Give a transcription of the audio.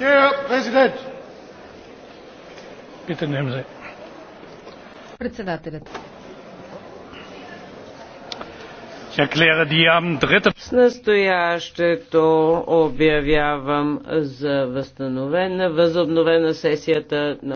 Bitte Председателят. С настоящето обявявам за възстановена, възобновена сесията на